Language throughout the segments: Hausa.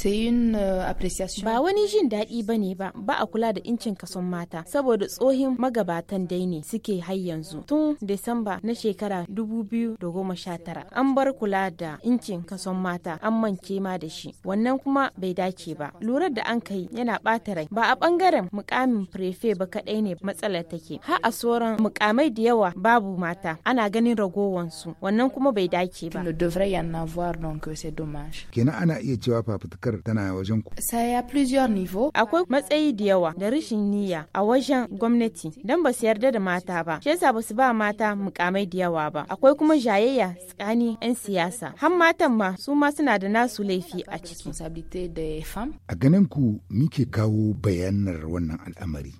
c'est une Ba wani jin daɗi bane ba, ba a kula da incin kason mata, saboda tsohin magabatan dai ne suke har yanzu. Tun Desamba na shekara 2019 an bar kula da incin kason mata an mance ma da shi, wannan kuma bai dace ba. Lurar da an kai yana ɓata rai, ba a ɓangaren mukamin prefe ba kaɗai ne matsalar take. ha a sauran mukamai da yawa babu mata, ana ganin ragowansu, wannan kuma bai dace ba. Kenan ana iya cewa fafutukar tana wajen wajen ku akwai matsayi da yawa da rashin niyya a wajen gwamnati don basu yarda da mata ba shi yasa ba su ba mata mukamai da yawa ba akwai kuma jayayya tsakanin 'yan siyasa har matan ma su ma suna da nasu laifi a ciki a ganin ku muke kawo bayanar wannan al'amari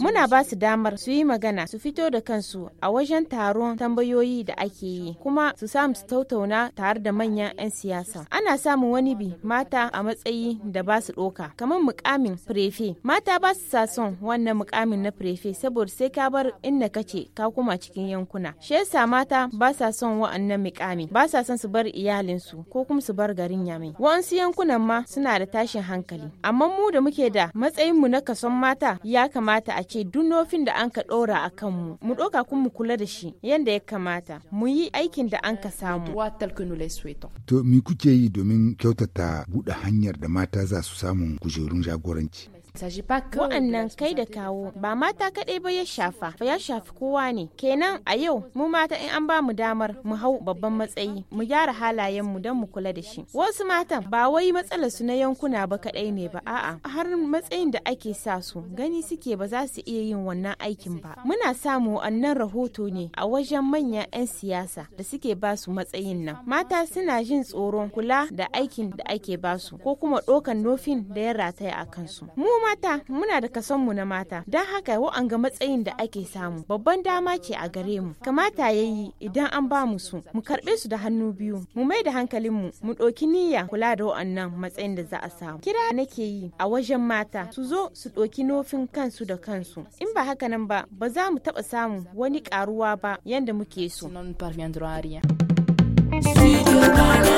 muna ba su damar su yi magana su fito da kansu a wajen taron tambayoyi da ake yi kuma su samu su tattauna tare da manyan 'yan siyasa ana samun wani bi mata a matsayi da ba su ɗoka kamar mukamin prefe mata ba su sason wannan mukamin na prefe saboda sai ka bar inda kace ka kuma cikin yankuna shi yasa mata ba sa son wa'annan mukami ba sa son su bar iyalinsu ko kuma su bar garin yamai wa'ansu yankunan ma suna da tashin hankali amma mu da muke da matsayin mu na kason mata ya kamata a ce duk nofin da an ka ɗora a kanmu mu ɗoka kuma mu kula da shi yadda ya kamata mu yi aikin da an ka samu. To me kuke yi domin kyautata buɗe hanya hanyar da mata za su samun kujerun jagoranci Wa'annan kai da kawo ba mata kaɗai ba ya shafa, fa ya shafi kowa ne. Kenan a yau mu mata in an ba mu damar mu hau babban matsayi, mu gyara halayen mu don mu kula da shi. Wasu matan ba wai matsalar su na yankuna ba kaɗai ne ba, a'a har matsayin da ake sa su gani suke ba za su iya yin wannan aikin ba. Muna samu wannan rahoto ne a wajen manyan 'yan siyasa da suke ba su matsayin nan. Mata suna jin tsoron kula da aikin da ake ba su ko kuma ɗokan nofin da ya rataya a kansu. Mu mata muna da kasonmu na mata don haka wa'anga matsayin da ake samu babban dama ce a gare mu kamata ya yi idan an ba mu su mu karɓe su da hannu biyu mu mai da hankalinmu mu ɗauki niyya kula da wa'annan matsayin da za a samu kira nake yi a wajen mata su zo su ɗauki nofin kansu da kansu in ba haka nan ba ba za mu taɓa samu wani ƙaruwa ba yadda muke so. Studio